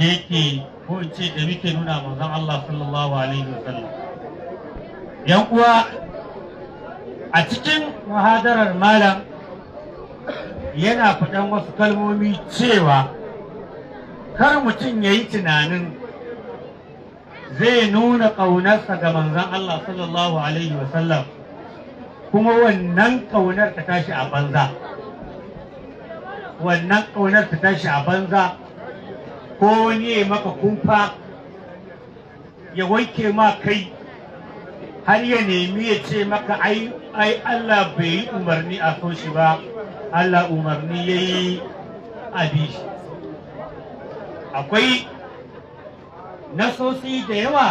da yake ko in ce da muke nuna manzon Allah sallallahu alaihi wasallam yan uwa a cikin muhadarar malam yana faɗan wasu kalmomi cewa kar mutum ya yi tunanin zai nuna ƙaunarsa ga manzon Allah sallallahu alaihi wasallam kuma wannan ƙaunar ta tashi a banza wannan ƙaunar ta tashi a banza ko wani ya maka kumfa ya wanke ma kai har ya nemi ya ce maka ai Allah bai yi umarni a kan shi ba Allah umarni ya yi abi shi akwai nasosi da yawa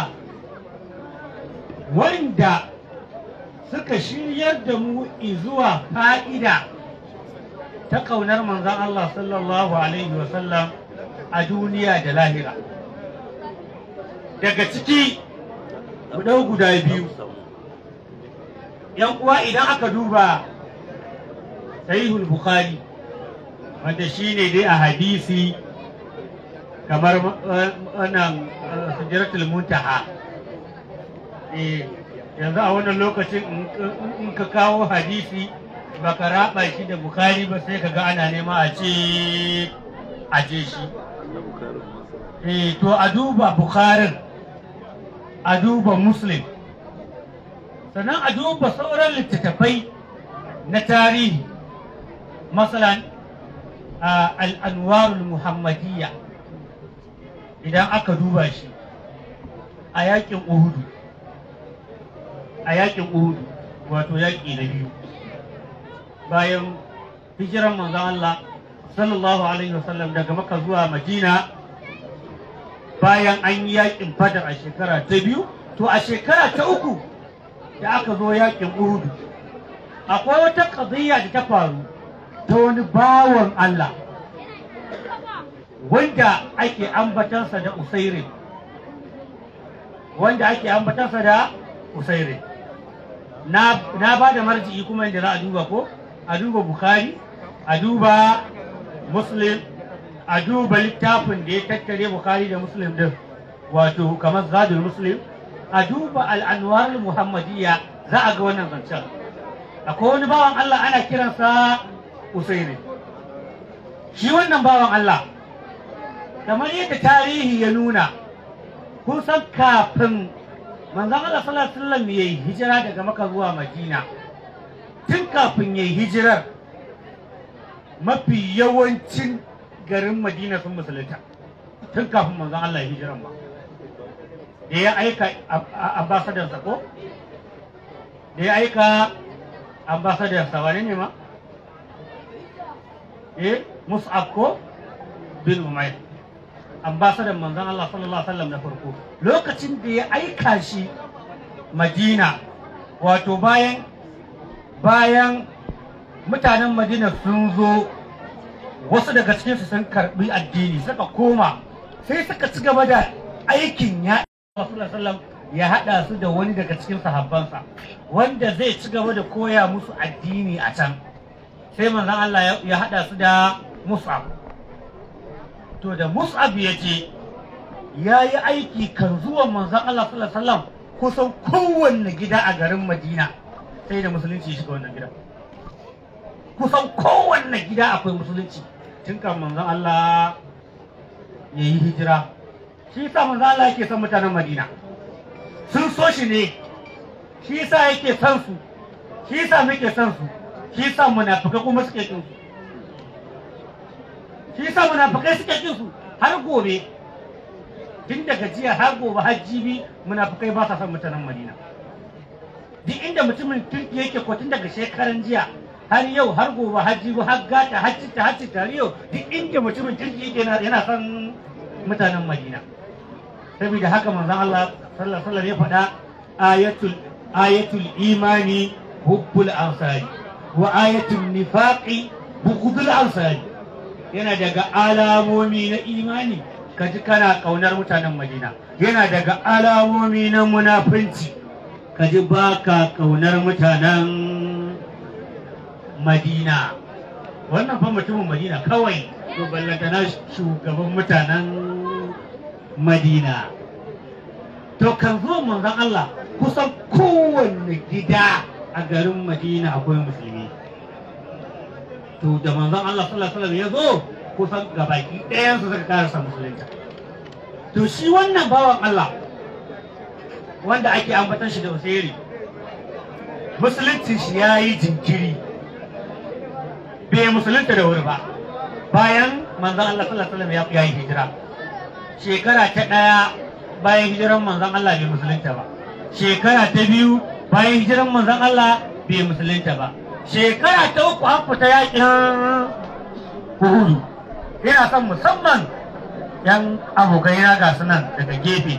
wanda suka shiryar da mu zuwa fa'ida ta ƙaunar manzan Allah sallallahu Alaihi wasallam a duniya da lahira daga ciki guda guda biyu yan uwa idan aka duba sahihul bukhari wanda shine dai a hadisi kamar eh, wannan eh, sujaratul muntaha eh, yanzu a wannan lokacin in ka kawo hadisi baka raba shi da bukhari ba sai ka ga ana nema a ce a je shi Eh, to a duba bukharin a duba muslim sannan a duba sauran littattafai na tarihi matsalan al'anwarul muhammadiyya idan aka duba shi a yakin uhudu a yakin uhudu wato yaƙi na biyu bayan hijiran manzon Allah sallallahu alaihi wasallam daga maka zuwa madina bayan an yi yakin badar a shekara ta biyu to a shekara ta uku da aka zo yakin urudu akwai wata ƙaziyya da ta faru ta wani bawan Allah wanda ake ambatansa da usairi wanda ake ambatansa da usairi na ba da marji'i kuma yadda za a duba ko a duba bukhari a duba muslim a duba littafin da ya tattare Bukhari da Muslim din wato kamar Zadul Muslim a duba Al'anwar Muhammadiyya za a ga wannan zancen akwai wani bawan Allah ana kiransa Usaini shi wannan bawan Allah kamar yadda tarihi ya nuna kun san kafin manzon Allah sallallahu alaihi ya yi hijira daga maka zuwa Madina tun kafin ya yi hijirar mafi yawancin garin madina sun musulunta tun kafin manzon Allah ya hijiran ba da ya aika ambasadarsa ko da ya aika ambasadarsa wane ne ma eh mus'ab ko bin umayr ambasadan manzon Allah sallallahu alaihi wasallam na farko lokacin da ya aika shi madina wato bayan bayan mutanen madina sun zo wasu daga cikin su sun karbi addini suka koma sai suka ci gaba da aikin ya sallam ya hada su da wani daga cikin sahabbansa wanda zai ci gaba da koya musu addini a can sai manzon Allah ya hada su da Mus'ab to da Mus'ab ya ce ya yi aiki kan zuwan manzon Allah sallallahu alaihi wasallam kusan kowanne gida a garin Madina sai da musulunci shiga wannan gidan kusan kowanne gida akwai musulunci tun kan manzon Allah ya yi hijira shi yasa manzon Allah yake son mutanen Madina sun so shi ne shi yasa yake son su shi yasa muke son su shi yasa munafikai kuma suke kin su shi yasa munafikai suke kin su har gobe tun daga jiya har gobe har jibi munafikai ba sa son mutanen Madina duk inda mutumin tun yake ko tun daga shekaran jiya har yau har gobe har jiru har gata har citta har citta har yau duk inda mutumin kirki yake yana son mutanen madina saboda haka manzon Allah sallallahu alaihi ya faɗa ayatul ayatul imani hubbul ansari wa ayatul nifaqi bughdul ansari yana daga alamomi na imani kaji kana kaunar mutanen madina yana daga alamomi na munafunci kaji baka kaunar mutanen madina wannan fa mutumin madina kawai to na shugaban mutanen madina to kan zo manzon Allah kusan kowanne gida a garin madina akwai musulmi to da manzon Allah sallallahu alaihi wasallam ya zo kusan gabaki ɗayan su suka karasa musulunta to shi wannan bawan Allah wanda ake ambatan shi da usairi musulunci shi ya yi jinkiri bai musulunta da wuri ba bayan manzon Allah sallallahu alaihi wasallam ya yi hijira shekara ta ɗaya bayan hijiran manzan Allah bai musulunta ba shekara ta biyu bayan hijiran manzan Allah bai musulunta ba shekara ta uku an fita yakin kuhudu ina son musamman yan abokaina ga sunan daga gefe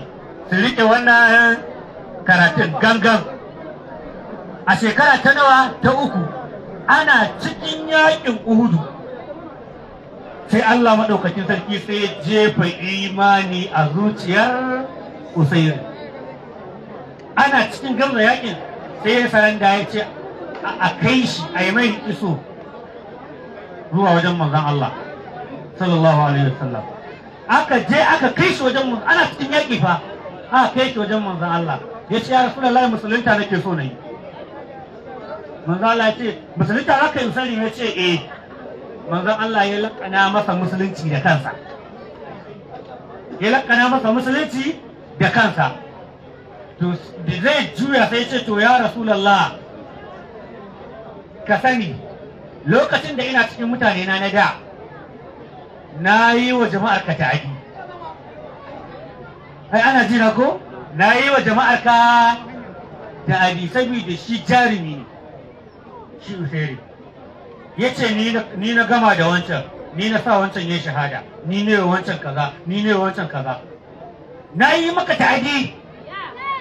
su riƙe wannan karatun gangan a shekara ta nawa ta uku ana cikin yakin uhudu sai Allah maɗaukakin sarki sai ya jefa imani a zuciyar Usair ana cikin gamza yakin sai ya saranda ya ce a kai shi a yi mai iso zuwa wajen manzon Allah sallallahu alaihi wasallam aka je aka kai shi wajen ana cikin yakin fa aka kai shi wajen manzon Allah ya ce ya rasulullahi musulunta nake so na yi manzo Allah ya ce musulunta haka yusari ya ce eh manzo Allah ya lakana masa musulunci da kansa ya lakana masa musulunci da kansa to da zai juya sai ce to ya rasulullah ka sani lokacin da ina cikin mutane na na da na yi wa jama'ar ka ta'adi ai ana jira ko na yi wa jama'ar ka ta'adi saboda shi jarumi ne shi Usairi ya ce ni na gama da wancan ni na sa wancan ya shahada ni ne wancan kaza ni ne wancan kaza na yi maka tagi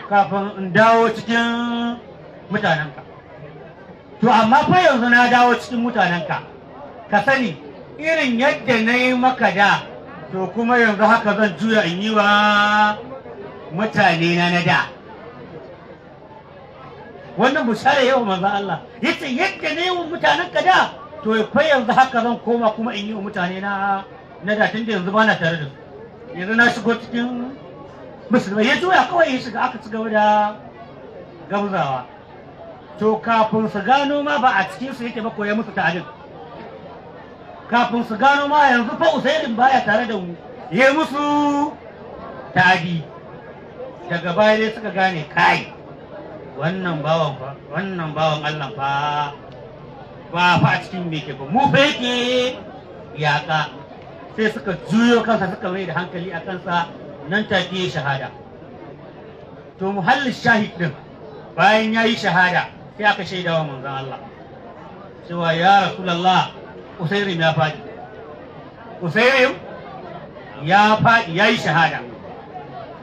kafin in dawo cikin mutanenka to amma fa yanzu na dawo cikin mutanenka ka sani irin yadda na yi maka da to kuma yanzu haka zan juya in yi wa mutane na na da wannan bushara yawan manzo Allah yace yadda ne mu mutanen ka da to fa yanzu haka zan koma kuma in yi wa mutane na na da tunda yanzu bana tare da su yanzu na shigo cikin musulmai ya kawai ya shiga aka cigaba da gamzawa to kafin su gano ma ba a cikin su yake ba koya musu ta'adin kafin su gano ma yanzu fa usairin baya tare da mu ya musu ta'adi daga baya dai suka gane kai wannan bawan wannan bawan Allah fa ba fa cikin me ke ba mu fa yake yaka sai suka juyo kansa suka mai da hankali a kansa nan take shahada to muhallin shahid din bayan ya yi shahada sai aka shaida wa manzon Allah cewa ya rasulullah usairim ya faɗi usairim ya faɗi yi shahada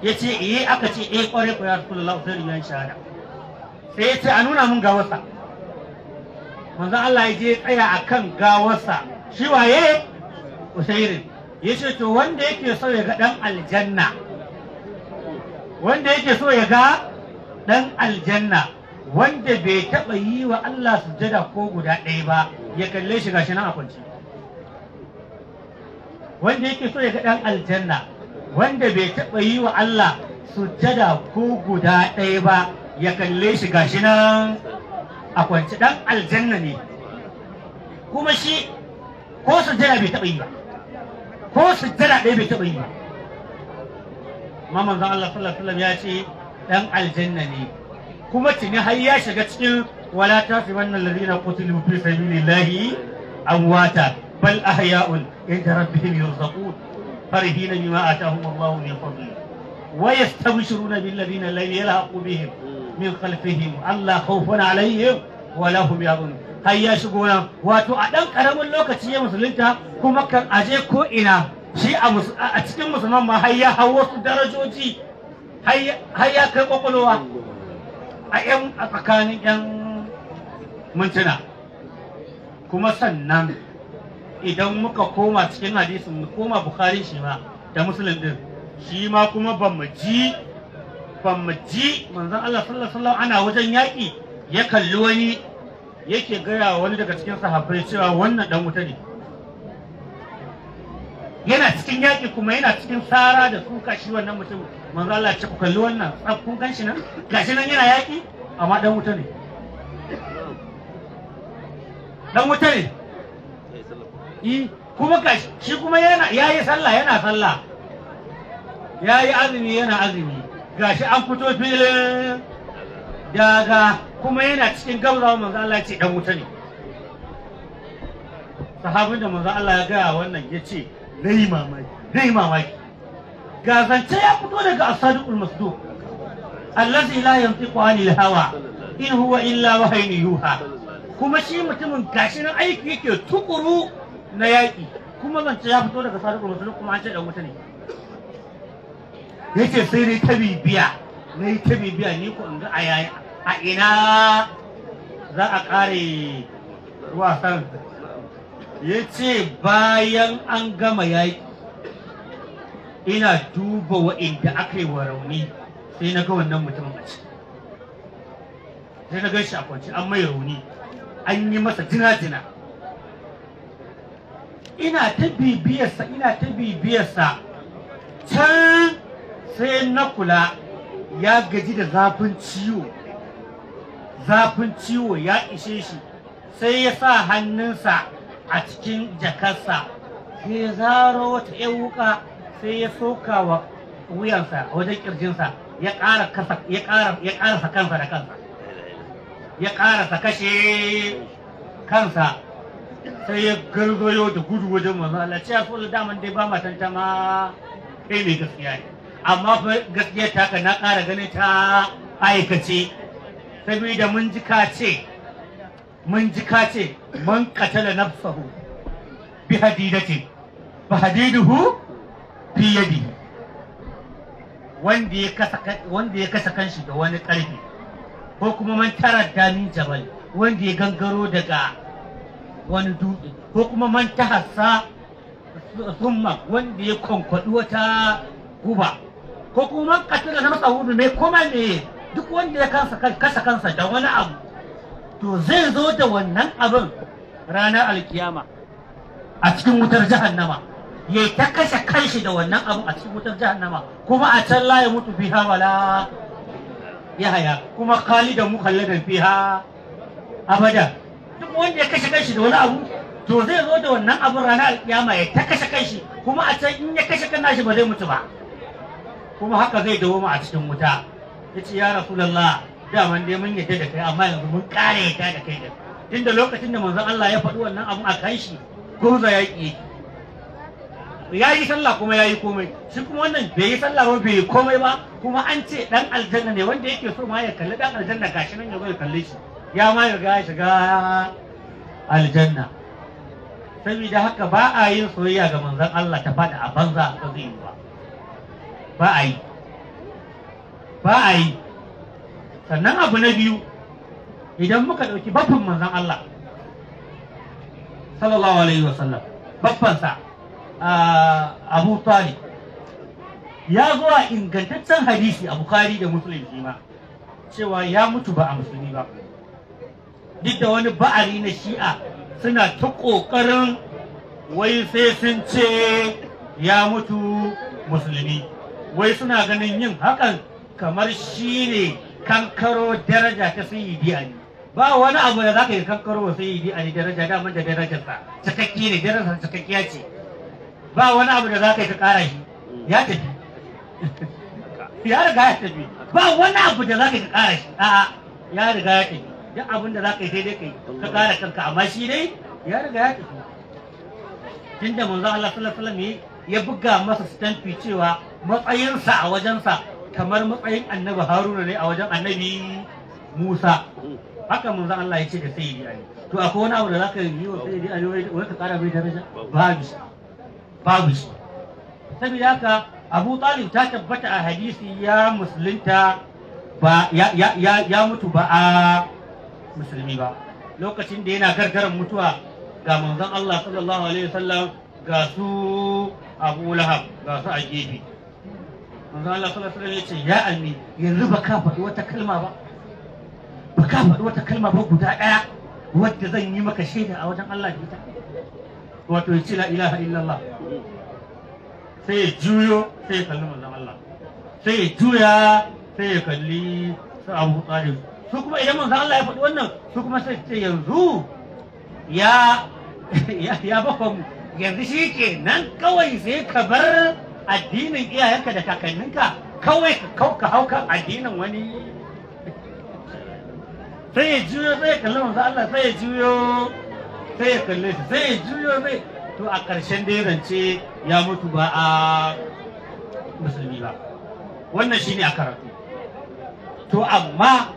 ya ce eh aka ce eh kware ko ya rasulullah usairim ya shahada sai ya ce a nuna mun gawarsa manzo Allah ya je tsaya a kan gawarsa shi waye usairin ya ce to wanda yake so ya ga ɗan aljanna wanda yake so ya ga ɗan aljanna wanda bai taɓa yi wa Allah sujada ko guda ɗaya ba ya kalle shi gashi nan a kwanci wanda yake so ya ga ɗan aljanna wanda bai taɓa yi wa Allah jada ko guda ɗaya ba ya kalle shi gashi nan a kwanci dan aljanna ne kuma shi ko su jira bai taɓa yi ba ko su jira ɗaya bai taɓa yi ba ma zan Allah sallallahu alaihi ya ce dan aljanna ne kuma tuni har ya shiga cikin wala tasibanna alladhina qutilu fi sabilillahi amwata bal ahya'un inda rabbihim yurzaqun farihina bima atahum Allah min fadli ويستبشرون بالذين لم yalhaqu bihim min khalfihim Allah khawfun alaihim wa lahum yahzanun har ya shigo nan wato a dan karamin lokaci ya musulunta kuma kan aje ko ina shi a cikin musulman ma har hawo su darajoji har ya kai kwakwalwa a yan a tsakanin yan mintuna kuma sannan idan muka koma cikin hadisin mu koma bukhari shi ma da musulun din shi ma kuma ban mu ji ban ji manzon Allah sallallahu alaihi ana wajen yaƙi ya kalli wani yake gaya wani daga cikin sahabbai cewa wannan dan wuta ne yana cikin yaƙi kuma yana cikin tsara da suka shi wannan mutum manzon Allah ce ku kalli wannan tsaf kun ganshi nan gashi nan yana yaƙi amma dan wuta ne dan wuta ne i eh, kuma gashi shi kuma yana yayi sallah yana sallah yayi azumi yana azumi gashi an fito filin daga kuma yana cikin gabzawa manzo Allah ya ce dan wuta ne sahabin da manzo Allah ya gaya wannan ya ce nayi mamaki nayi mamaki ga zance ya fito daga as masdu masduq allazi la yantiqu anil hawa in huwa illa wahyin yuha kuma shi mutumin gashi nan aiki yake tukuru na yaƙi kuma zance ya fito daga sadiqul masdu kuma an ce dan wuta ne yake sai dai ta bibiya na yi ta bibiya ni ko ga a a ina za a kare wasan ya ce bayan an gama yayi ina duba wa'inda aka yi wa sai na ga wannan mutumin a ci sai na shi a kwanci an mai rauni an yi masa jina-jina ina ta bibiyarsa ina ta bibiyarsa can sai na kula ya gaji da zafin ciwo zafin ciwo ya ishe shi sai ya sa hannunsa a cikin jakarsa sai ya zaro wata yan wuka sai ya soka wa wuyansa wajen kirjinsa ya ƙara kansa da kansa ya sa kashe kansa sai ya gargayo da gudu wajen manzo Allah ce ya da dai ba matanta ma kai ne gaskiya ne amma fa gaskiya ta ka na ƙara ganin ta aikace saboda mun ji ka ce mun ji ka ce man qatala nafsahu bi hadidati fa hadiduhu fi yadi wanda ya kasa wanda ya kasa kanshi da wani ƙarfi ko kuma man taradda min jabal wanda ya gangaro daga wani dutse ko kuma man tahassa summa wanda ya konkwadu wata guba ko kuma man katila na masa hudu mai koma me duk wanda ya kansa kansa da wani abu to zai zo da wannan abin ranar alkiyama a cikin wutar jahannama ya ta kashe kanshi da wannan abu a cikin wutar jahannama kuma a can laye ya mutu fiha wala ya haya kuma da khalidan fi ha abada duk wanda ya kashe kanshi da wani abu to zai zo da wannan abin ranar alkiyama ya ta kashe kanshi kuma a can in ya kashe kan nashi ba zai mutu ba kuma haka zai dawo mu a cikin wuta ya ce ya rasulallah daman dai mun yadda da kai amma yanzu mun kare yadda da kai da tunda lokacin da manzon Allah ya faɗi wannan abu a kan shi gurza ya ya yi sallah kuma ya yi komai shi kuma wannan bai yi sallah ba bai yi komai ba kuma an ce dan aljanna ne wanda yake so ma ya kalli dan aljanna gashi nan ya zo ya kalle shi ya ma ya ga shiga aljanna saboda haka ba a yin soyayya ga manzon Allah ta faɗi a banza ba zai yi ba ba a yi ba a yi sannan abu na biyu idan muka ɗauki baffin manzan Allah sallallahu alaihi wasallam baffansa abu talib ya zo a ingantaccen hadisi a bukari da musulun shi cewa ya mutu ba a musulmi ba duk da wani ba'ari na shi'a suna ta ƙoƙarin wai sai sun ce ya mutu musulmi wai suna ganin yin hakan kamar shi ne kankaro daraja ta sayyidi ali ba wani abu da zaka yi kankaro wa sayyidi ali daraja daman da darajarsa cikakki ne darajarsa cikakkiya ce ba wani abu da zaka yi ka kara shi ya tafi ya riga ya tafi ba wani abu da zaka yi ka kara shi a'a ya riga ya tafi duk abin da zaka yi sai dai kai ka kara kanka amma shi dai ya riga ya tafi tunda manzo Allah sallallahu alaihi wasallam ya buga masa stamp cewa matsayinsa a wajensa kamar matsayin annabi haruna ne a wajen annabi musa haka mun zan Allah ya ce da sayyidi ne. to akwai wani abu da zaka yi wa yi ali wani ka kara bai daraja babu shi. babu saboda haka abu talib ta tabbata a hadisi ya musulunta ba ya mutu ba a musulmi ba lokacin da yana gargaran mutuwa ga manzon Allah sallallahu alaihi wasallam ga su Abu Lahab ga su a gefe manzo Allah sallallahu alaihi wasallam ya almi yanzu ba ka faɗi wata kalma ba ba ka faɗi wata kalma ba guda ɗaya wadda zan yi maka shaida a wajen Allah da ita wato ya ce la ilaha illallah sai ya juyo sai ya kalli manzon Allah sai ya juya sai ya kalli su Abu Talib su kuma idan manzon Allah ya faɗi wannan su kuma sai ce yanzu ya ya bakon yanzu shi ke nan kawai sai ka bar addinin iyayenka da kakanninka kawai ka hau kan addinin wani sai ya juyo sai ya kalli manzo Allah sai ya juyo sai ya kalli shi sai ya juyo sai to a ƙarshen da ya rance ya mutu ba a musulmi ba wannan shine a karatu to amma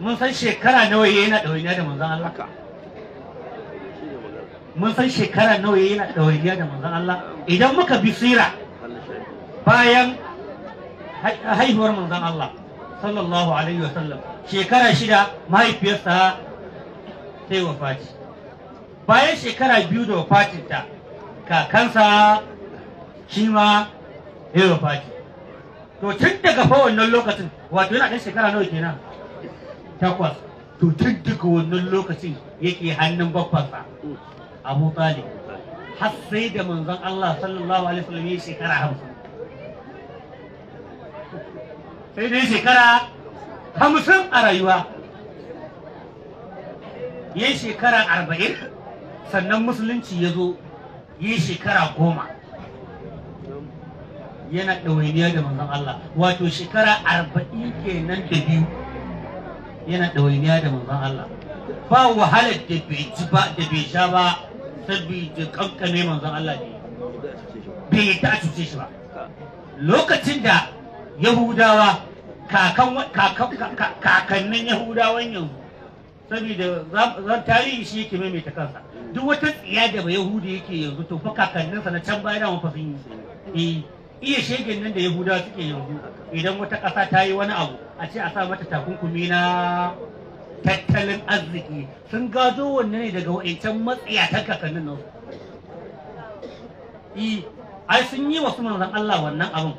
mun san shekara nawa yana ɗauniya da manzon Allah ka. mun san shekara nawa na dawaiya da manzon Allah idan muka bi sira bayan haihuwar manzon Allah sallallahu alaihi wasallam shekara shida mahaifiyarsa ta yi wafati bayan shekara biyu da wafatinta kakansa shi ma ya wafati to tun daga fa wannan lokacin wato yana ɗan shekara nawa kenan takwas to tun daga wannan lokacin yake hannun bakwansa abu talib har sai da manzon Allah sallallahu alaihi wasallam ya shekara hamsin sai dai shekara hamsin a rayuwa ya yi shekara arba'in sannan musulunci ya zo ya yi shekara goma yana ɗawainiya da manzon Allah wato shekara arba'in kenan da biyu yana ɗawainiya da manzon Allah ba wahalar da bai ci ba da bai sha ba ta kankane manzon Allah ne bai a cuce shi ba lokacin da yahudawa kakannin yahudawan yanzu saboda tarihi shi yake maimaita kansa duk wata tsiya da ba yahudu yake yanzu to fa kakanninsa na can baya dama fa sun yi eh, iya shegen nan da yahudawa suke yanzu idan wata ƙasa ta yi wani abu a ce a sa mata takunkumi na tattalin arziki sun gado wanne ne daga wa'ancan matsaya ta kakannin nan i ai sun yi wa su manzan Allah wannan abin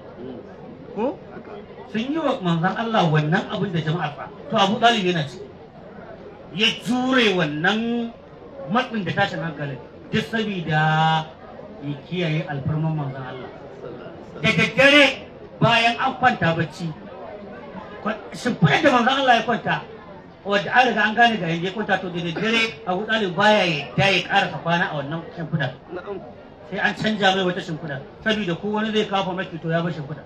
ko sun yi wa manzan Allah wannan abin da jama'a fa to Abu Talib yana ci ya jure wannan matsin da tashin hankali duk saboda ya kiyaye alfarman manzan Allah da daddare bayan an kwanta bacci shimfiɗar da manzan Allah ya kwanta wadda an riga an gane ga yanzu kwanta to da dare abu ɗalib baya ya da ya karasa kwana a wannan shimfiɗa sai an canja mai wata shimfiɗa saboda ko wani zai kafa maki to ya bar shimfiɗa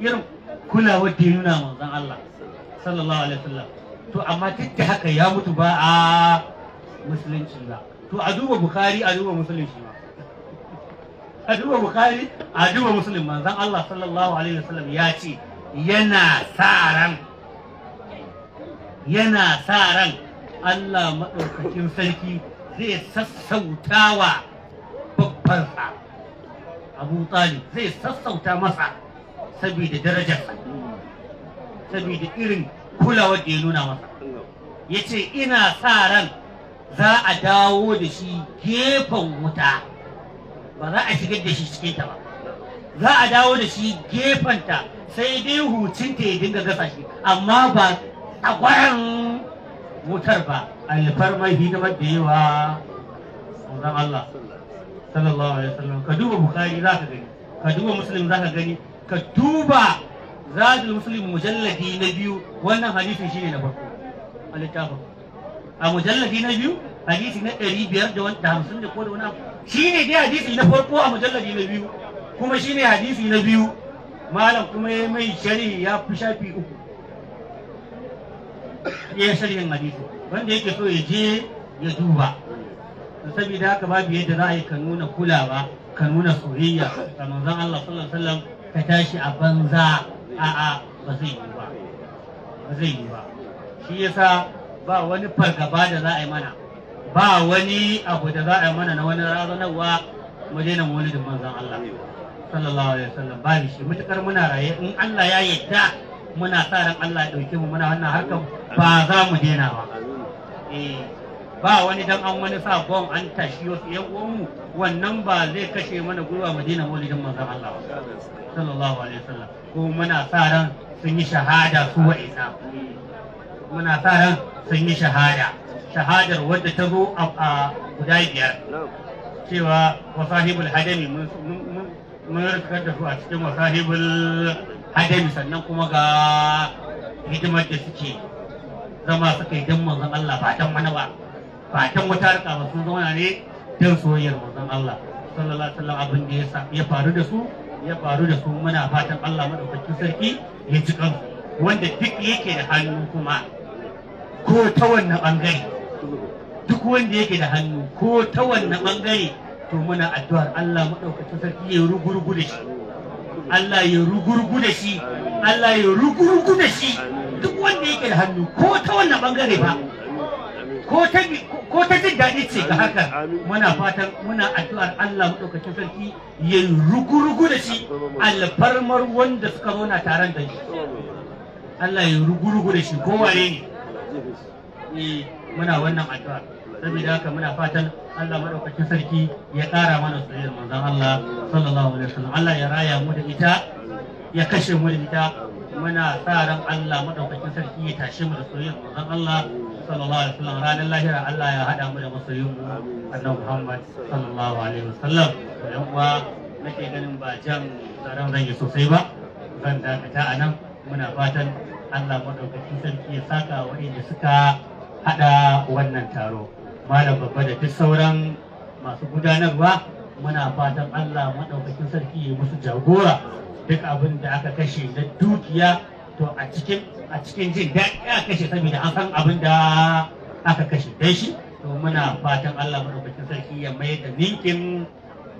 irin kulawar da nuna manzon Allah sallallahu alaihi wasallam to amma duk da haka ya mutu ba a musulunci ba to a duba bukhari a duba musulunci ba a duba bukhari a duba musulun manzon Allah sallallahu alaihi wasallam ya ce yana sa ran yana sa ran Allah maɗaukakin sarki zai sassauta wa babbansa abu talib zai sassauta masa saboda darajarsa saboda irin kulawar da ya nuna masa ya ce ina sa ran za a dawo da shi gefen wuta ba za a shigar da shi cikinta ba za a dawo da shi ta, sai dai hucinta ya dinga gasa shi amma ba a kwayan wutar ba mai hidimar da yawa manzon Allah sallallahu alaihi wasallam ka duba bukhari za ka gani ka duba musulmi za ka gani ka duba zadul muslim mujalladi na biyu wannan hadisin shine na farko a littafin a mujalladi na biyu hadisi na ɗari biyar da wani hamsin da kowane wani shine dai hadisi na farko a mujalladi na biyu kuma shine hadisi na biyu malam kuma ya mai shari'i ya fi shafi uku ya shirya hadisi wanda yake so ya je ya duba saboda haka babu yadda za a yi ka nuna kulawa ka nuna soyayya ga manzon Allah sallallahu alaihi wasallam ka tashi a banza a a ba zai yi ba ba zai yi ba shi yasa ba wani fargaba da za a yi mana ba wani abu da za a yi mana na wani razanarwa mu daina maulidin manzon Allah sallallahu alaihi wasallam ba shi mutakar muna raye in Allah ya yarda muna sa ran Allah ya ɗauke mu muna wannan harkar ba za mu daina ba eh, ba wani dan an wani sa bom an tashi wasu yan uwanmu wannan ba zai kashe mana gwiwa mu daina maulidin manzon Allah sallallahu alaihi wasallam ko muna sa ran sun yi shahada su wa'ina muna sa ran sun yi shahada shahadar wadda ta zo a guda biyar cewa wasahibul hadami mun rikar da su a cikin wasahibul adami sannan kuma ga hidimar da suke zama suka yi don manzon Allah ba don mana ba ba don wata rika ba sun zauna ne don soyayyar manzon Allah sallallahu alaihi wasallam abin da ya faru da su ya faru da su muna fatan Allah madaukakin sarki ya ci kan wanda duk yake da hannu kuma ko ta wannan bangare duk wanda yake da hannu ko ta wannan bangare to muna addu'ar Allah madaukakin sarki ya rugurugu da shi Allah ya rugurgu da shi Allah ya rugurgu da shi duk wanda yake da hannu ko ta wannan bangare ba ko ta jin daɗi ce ga haka muna fatan muna addu'ar Allah maɗaukacin sarki ya rugurgu da shi alfarmar wanda suka zauna tare taron da shi Allah ya rugurgu da shi kowane ne eh, muna wannan addu'ar saboda haka muna fatan Allah madaukakin sarki ya ƙara mana soyayyar manzon Allah sallallahu alaihi wasallam Allah ya raya mu da ita ya kashe mu da ita muna sa ran Allah madaukakin sarki ya tashe mu da soyayyar manzon Allah sallallahu alaihi wasallam ranar lahira Allah ya hada mu da masoyin mu annabi Muhammad sallallahu alaihi wasallam yan uwa nake ganin ba jan tsaron zan yi sosai ba zan dakata a nan muna fatan Allah madaukakin sarki ya saka waɗanda suka hada wannan taro malam babba da duk sauran masu gudanarwa muna fatan Allah maɗaukakin sarki ya musu jagora duk abin da aka kashe na dukiya to a cikin a cikin jin daɗi aka kashe saboda an san abin da aka kashe dai shi to muna fatan Allah maɗaukakin sarki ya mayar da ninkin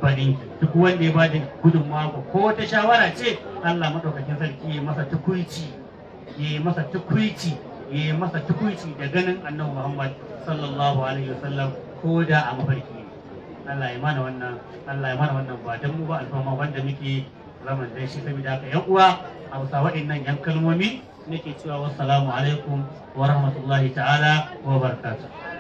baninki duk wanda ya ba da gudunmawa ko ta shawara ce Allah maɗaukakin sarki ya masa tukuici ya masa tukuici ya yi masa tukuici da ganin annabi Muhammad sallallahu alaihi wasallam ko da a mafarki Allah ya mana wannan Allah ya mana wannan ba dan mu ba alfama wanda muke zaman dan shi saboda ka yan uwa a wasa waɗannan yan kalmomi nake cewa wassalamu alaikum wa rahmatullahi ta'ala wa barakatuh